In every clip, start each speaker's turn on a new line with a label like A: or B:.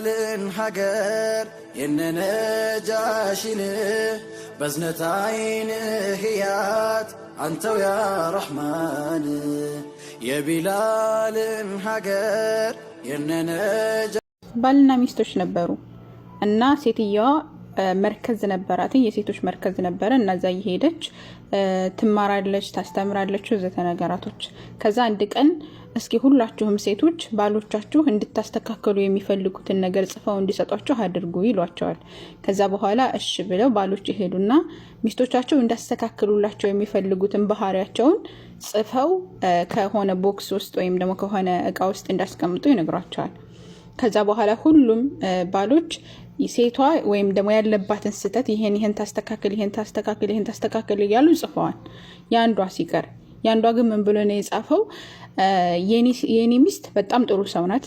A: ያልን ሀገር የነነጃሽን በዝነት አይን ህያት አንተው ያ ረሕማን የቢላልን ሀገር የነነጃ ባልና ሚስቶች ነበሩ እና ሴትየዋ መርከዝ ነበራት፣ የሴቶች መርከዝ ነበረ። እነዛ እየሄደች ትማራለች፣ ታስተምራለች፣ ወዘተ ነገራቶች። ከዛ አንድ ቀን እስኪ ሁላችሁም ሴቶች ባሎቻችሁ እንድታስተካከሉ የሚፈልጉትን ነገር ጽፈው እንዲሰጧችሁ አድርጉ ይሏቸዋል። ከዛ በኋላ እሺ ብለው ባሎች ይሄዱና ሚስቶቻቸው እንዳስተካክሉላቸው የሚፈልጉትን ባህሪያቸውን ጽፈው ከሆነ ቦክስ ውስጥ ወይም ደግሞ ከሆነ እቃ ውስጥ እንዳስቀምጡ ይነግሯቸዋል። ከዛ በኋላ ሁሉም ባሎች ሴቷ ወይም ደግሞ ያለባትን ስህተት ይሄን ይሄን ታስተካክል፣ ይሄን ታስተካክል፣ ይሄን ታስተካክል እያሉ ጽፈዋል። የአንዷ ሲቀር የአንዷ ግን ምን ብሎ ነው የጻፈው? የኔ ሚስት በጣም ጥሩ ሰው ናት፣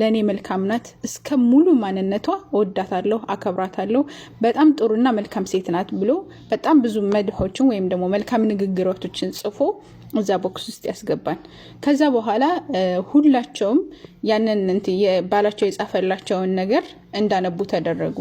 A: ለእኔ መልካም ናት፣ እስከ ሙሉ ማንነቷ እወዳታለሁ፣ አከብራታለሁ፣ በጣም ጥሩና መልካም ሴት ናት ብሎ በጣም ብዙ መድሆችን ወይም ደግሞ መልካም ንግግሮቶችን ጽፎ እዛ ቦክስ ውስጥ ያስገባል። ከዛ በኋላ ሁላቸውም ያንን ባላቸው የጻፈላቸውን ነገር እንዳነቡ ተደረጉ።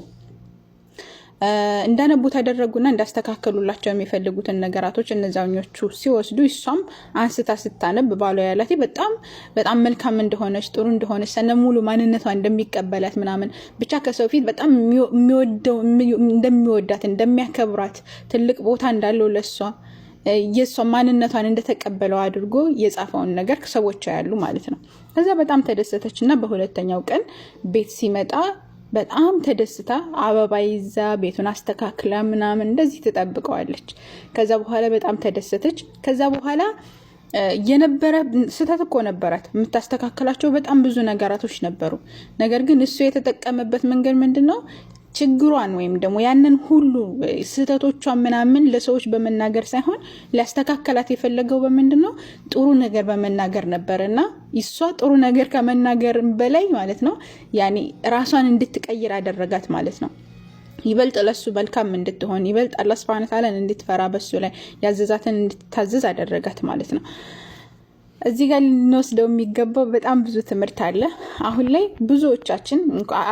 A: እንዳነቡ ተደረጉና እንዳስተካከሉላቸው የሚፈልጉትን ነገራቶች እነዛኞቹ ሲወስዱ እሷም አንስታ ስታነብ ባሏ ያላት በጣም በጣም መልካም እንደሆነች ጥሩ እንደሆነች ሰነ ሙሉ ማንነቷ እንደሚቀበላት ምናምን ብቻ ከሰው ፊት በጣም እንደሚወዳት እንደሚያከብራት ትልቅ ቦታ እንዳለው ለሷ የእሷ ማንነቷን እንደተቀበለው አድርጎ የጻፈውን ነገር ሰዎች ያሉ ማለት ነው። ከዛ በጣም ተደሰተች እና በሁለተኛው ቀን ቤት ሲመጣ በጣም ተደስታ አበባ ይዛ ቤቱን አስተካክላ ምናምን እንደዚህ ትጠብቀዋለች። ከዛ በኋላ በጣም ተደሰተች። ከዛ በኋላ የነበረ ስህተት እኮ ነበራት። የምታስተካከላቸው በጣም ብዙ ነገራቶች ነበሩ። ነገር ግን እሱ የተጠቀመበት መንገድ ምንድን ነው? ችግሯን ወይም ደግሞ ያንን ሁሉ ስህተቶቿን ምናምን ለሰዎች በመናገር ሳይሆን ሊያስተካከላት የፈለገው በምንድን ነው? ጥሩ ነገር በመናገር ነበር እና እሷ ጥሩ ነገር ከመናገር በላይ ማለት ነው ያኔ ራሷን እንድትቀይር አደረጋት ማለት ነው። ይበልጥ ለሱ መልካም እንድትሆን ይበልጥ አላህ ሱብሃነሁ ወተዓላን እንድትፈራ በሱ ላይ ያዘዛትን እንድትታዘዝ አደረጋት ማለት ነው። እዚህ ጋር ልንወስደው የሚገባው በጣም ብዙ ትምህርት አለ። አሁን ላይ ብዙዎቻችን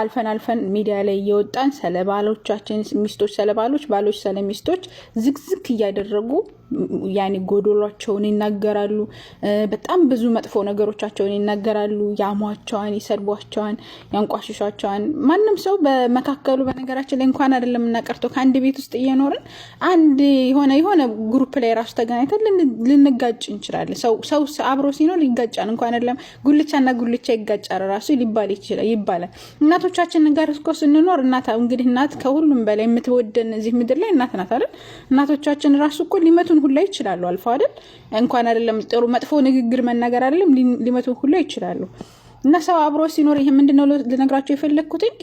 A: አልፈን አልፈን ሚዲያ ላይ እየወጣን ስለባሎቻችን ሚስቶች ስለባሎች፣ ባሎች ስለሚስቶች ዝግዝግ እያደረጉ ያኔ ጎዶሏቸውን ይናገራሉ። በጣም ብዙ መጥፎ ነገሮቻቸውን ይናገራሉ። ያሟቸዋን፣ ይሰድቧቸዋን፣ ያንቋሽሿቸዋን። ማንም ሰው በመካከሉ በነገራችን ላይ እንኳን አይደለም እናቀርተው ከአንድ ቤት ውስጥ እየኖርን አንድ የሆነ የሆነ ግሩፕ ላይ ራሱ ተገናኝተን ልንጋጭ እንችላለን። ሰው አብሮ ሲኖር ይጋጫል። እንኳን አይደለም ጉልቻና ጉልቻ ይጋጫል ራሱ ሊባል ይባላል። እናቶቻችን ጋር እስኮ ስንኖር እናት እንግዲህ እናት ከሁሉም በላይ የምትወደን እዚህ ምድር ላይ እናት ናት አይደል? እናቶቻችን ራሱ እኮ ሊመቱ ሊመቱን ሁላ ይችላሉ። አልፎ አይደል እንኳን አይደለም ጥሩ መጥፎ ንግግር መናገር አይደለም ሊመቱን ሁላ ይችላሉ። እና ሰው አብሮ ሲኖር ይህ ምንድነው ልነግራቸው የፈለግኩትኝ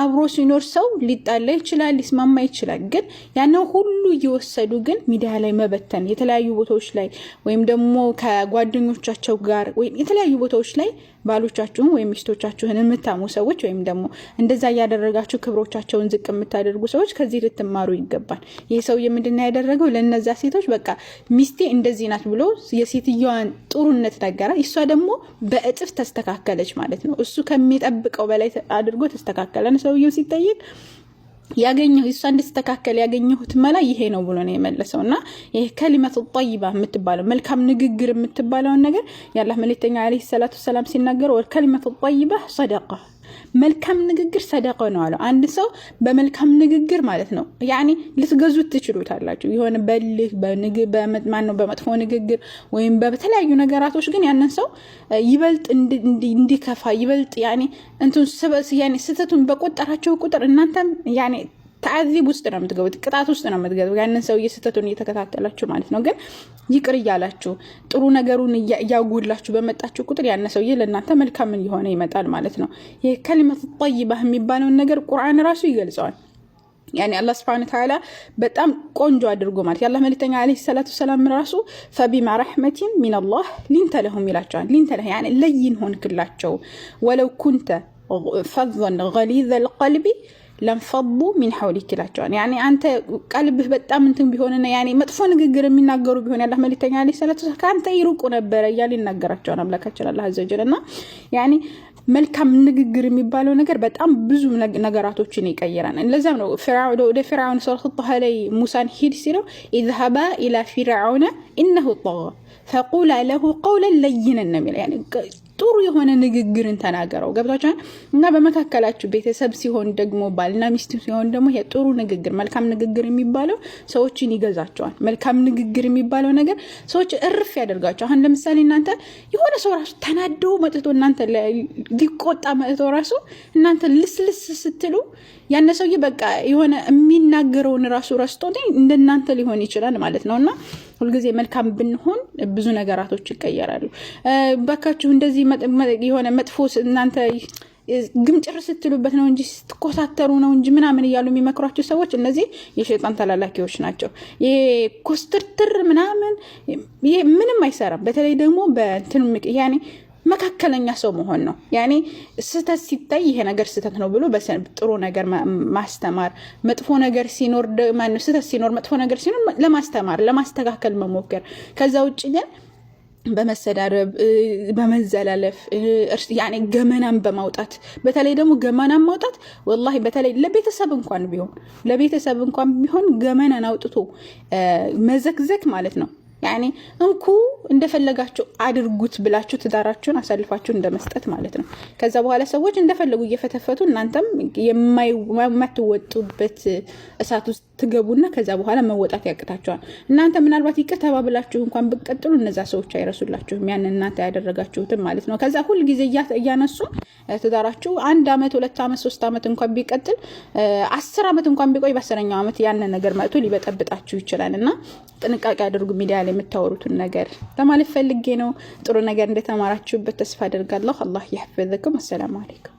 A: አብሮ ሲኖር ሰው ሊጣላ ይችላል፣ ሊስማማ ይችላል። ግን ያንን ሁሉ እየወሰዱ ግን ሚዲያ ላይ መበተን የተለያዩ ቦታዎች ላይ ወይም ደግሞ ከጓደኞቻቸው ጋር ወይም የተለያዩ ቦታዎች ላይ ባሎቻችሁን ወይም ሚስቶቻችሁን የምታሙ ሰዎች ወይም ደግሞ እንደዛ እያደረጋችሁ ክብሮቻቸውን ዝቅ የምታደርጉ ሰዎች ከዚህ ልትማሩ ይገባል። ይህ ሰውዬ ምንድን ያደረገው? ለነዛ ሴቶች በቃ ሚስቴ እንደዚህ ናት ብሎ የሴትዮዋን ጥሩነት ነገራ። እሷ ደግሞ በእጥፍ ተስተካከለች ማለት ነው። እሱ ከሚጠብቀው በላይ አድርጎ ተስተካከለን ሰውየው ሲጠይቅ ያገኘሁ እሷ እንድስተካከል ያገኘሁት መላ ይሄ ነው ብሎ ነው የመለሰው። እና ይሄ ከሊመት ጠይባ የምትባለው መልካም ንግግር የምትባለውን ነገር የአላህ መልክተኛ ዓለይሂ ሰላቱ ሰላም ሲናገር ከሊመት ጠይባ ሰደቃ መልካም ንግግር ሰደቀ ነው አለው። አንድ ሰው በመልካም ንግግር ማለት ነው ያኔ ልትገዙት ትችሉታላችሁ። የሆነ በልህ በንግብ ማነው በመጥፎ ንግግር ወይም በተለያዩ ነገራቶች ግን ያንን ሰው ይበልጥ እንዲከፋ ይበልጥ ያኔ እንትን ስህተቱን በቆጠራቸው ቁጥር እናንተም ያኔ ተአዚብ ውስጥ ነው የምትገቡት፣ ቅጣት ውስጥ ነው የምትገቡት። ያንን ሰውዬ ስህተቱን እየተከታተላችሁ ማለት ነው። ግን ይቅር እያላችሁ ጥሩ ነገሩን እያጎላችሁ በመጣችሁ ቁጥር ያን ሰውዬ ለእናንተ መልካም የሆነ ይመጣል ማለት ነው። ይህ ከሊመት ጠይባህ የሚባለውን ነገር ቁርአን ራሱ ይገልጸዋል። ያኔ አላህ ስብሐነ ተዓላ በጣም ቆንጆ አድርጎ ማለት የአላህ መልክተኛ ዓለይሂ ሰላቱ ሰላም ራሱ ፈቢማ ረሕመቲን ሚነላህ ሊንተ ለሁም ይላቸዋል። ሊንተ ለህ ለይን ሆንክላቸው ወለው ኩንተ ፈዘን ገሊዘ ልቀልቢ ለንፈቡ ሚን ሐውሊክ ይላቸዋል። ያኔ አንተ ቀልብህ በጣም እንትን ቢሆንና ያኔ መጥፎ ንግግር የሚናገሩ ቢሆን ያላህ መልክተኛ ለ ሰለቱ ከአንተ ይሩቁ ነበረ እያለ ይናገራቸዋል አምላካችን አላ ዘጀል እና ያኔ መልካም ንግግር የሚባለው ነገር በጣም ብዙ ነገራቶችን ይቀይራል። ለዛም ነው ወደ ፍራውን ሱረቱ ጣሃ ላይ ሙሳን ሂድ ሲለው ኢዝሃባ ኢላ ፊርዓውነ ኢነሁ ጠገ ፈቁላ ለሁ ቀውለን ለይነን ነው የሚለው ጥሩ የሆነ ንግግርን ተናገረው። ገብቷችኋል። እና በመካከላችሁ ቤተሰብ ሲሆን ደግሞ ባልና ሚስት ሲሆን ደግሞ የጥሩ ንግግር መልካም ንግግር የሚባለው ሰዎችን ይገዛቸዋል። መልካም ንግግር የሚባለው ነገር ሰዎች እርፍ ያደርጋቸው። አሁን ለምሳሌ እናንተ የሆነ ሰው ራሱ ተናደው መጥቶ እናንተ ሊቆጣ መጥቶ ራሱ እናንተ ልስልስ ስትሉ ያነ ሰውዬ በቃ የሆነ የሚናገረውን ራሱ ረስቶ እንደናንተ ሊሆን ይችላል ማለት ነው እና ሁልጊዜ መልካም ብንሆን ብዙ ነገራቶች ይቀየራሉ። ባካችሁ እንደዚህ የሆነ መጥፎ እናንተ ግምጭር ስትሉበት ነው እንጂ ስትኮሳተሩ ነው እንጂ ምናምን እያሉ የሚመክሯቸው ሰዎች እነዚህ የሸይጣን ተላላኪዎች ናቸው። ይሄ ኮስትርትር ምናምን ይሄ ምንም አይሰራም። በተለይ ደግሞ በትንምቅ ያኔ መካከለኛ ሰው መሆን ነው። ያኔ ስህተት ሲታይ ይሄ ነገር ስህተት ነው ብሎ ጥሩ ነገር ማስተማር፣ መጥፎ ነገር ሲኖር ስህተት ሲኖር መጥፎ ነገር ሲኖር ለማስተማር ለማስተካከል መሞከር። ከዛ ውጭ ግን በመሰዳደብ በመዘላለፍ ያኔ ገመናን በማውጣት በተለይ ደግሞ ገመናን ማውጣት ወላሂ በተለይ ለቤተሰብ እንኳን ቢሆን ለቤተሰብ እንኳን ቢሆን ገመናን አውጥቶ መዘክዘክ ማለት ነው ያኔ እንኩ እንደፈለጋችሁ አድርጉት ብላችሁ ትዳራችሁን አሳልፋችሁ እንደመስጠት ማለት ነው። ከዛ በኋላ ሰዎች እንደፈለጉ እየፈተፈቱ እናንተም የማትወጡበት እሳት ውስጥ ትገቡና ከዛ በኋላ መወጣት ያቅታችኋል። እናንተ ምናልባት ይቅር ተባብላችሁ እንኳን ብቀጥሉ እነዛ ሰዎች አይረሱላችሁም፣ ያን እናንተ ያደረጋችሁትም ማለት ነው። ከዛ ሁል ጊዜ እያነሱ ትዳራችሁ አንድ አመት፣ ሁለት አመት፣ ሶስት አመት እንኳን ቢቀጥል አስር አመት እንኳን ቢቆይ በአስረኛው አመት ያንን ነገር መጥቶ ሊበጠብጣችሁ ይችላል እና ጥንቃቄ አድርጉ ሚዲያ የምታወሩትን ነገር ለማለት ፈልጌ ነው። ጥሩ ነገር እንደተማራችሁበት ተስፋ አደርጋለሁ። አላህ ያህፈዘኩም። አሰላሙ አሌይኩም።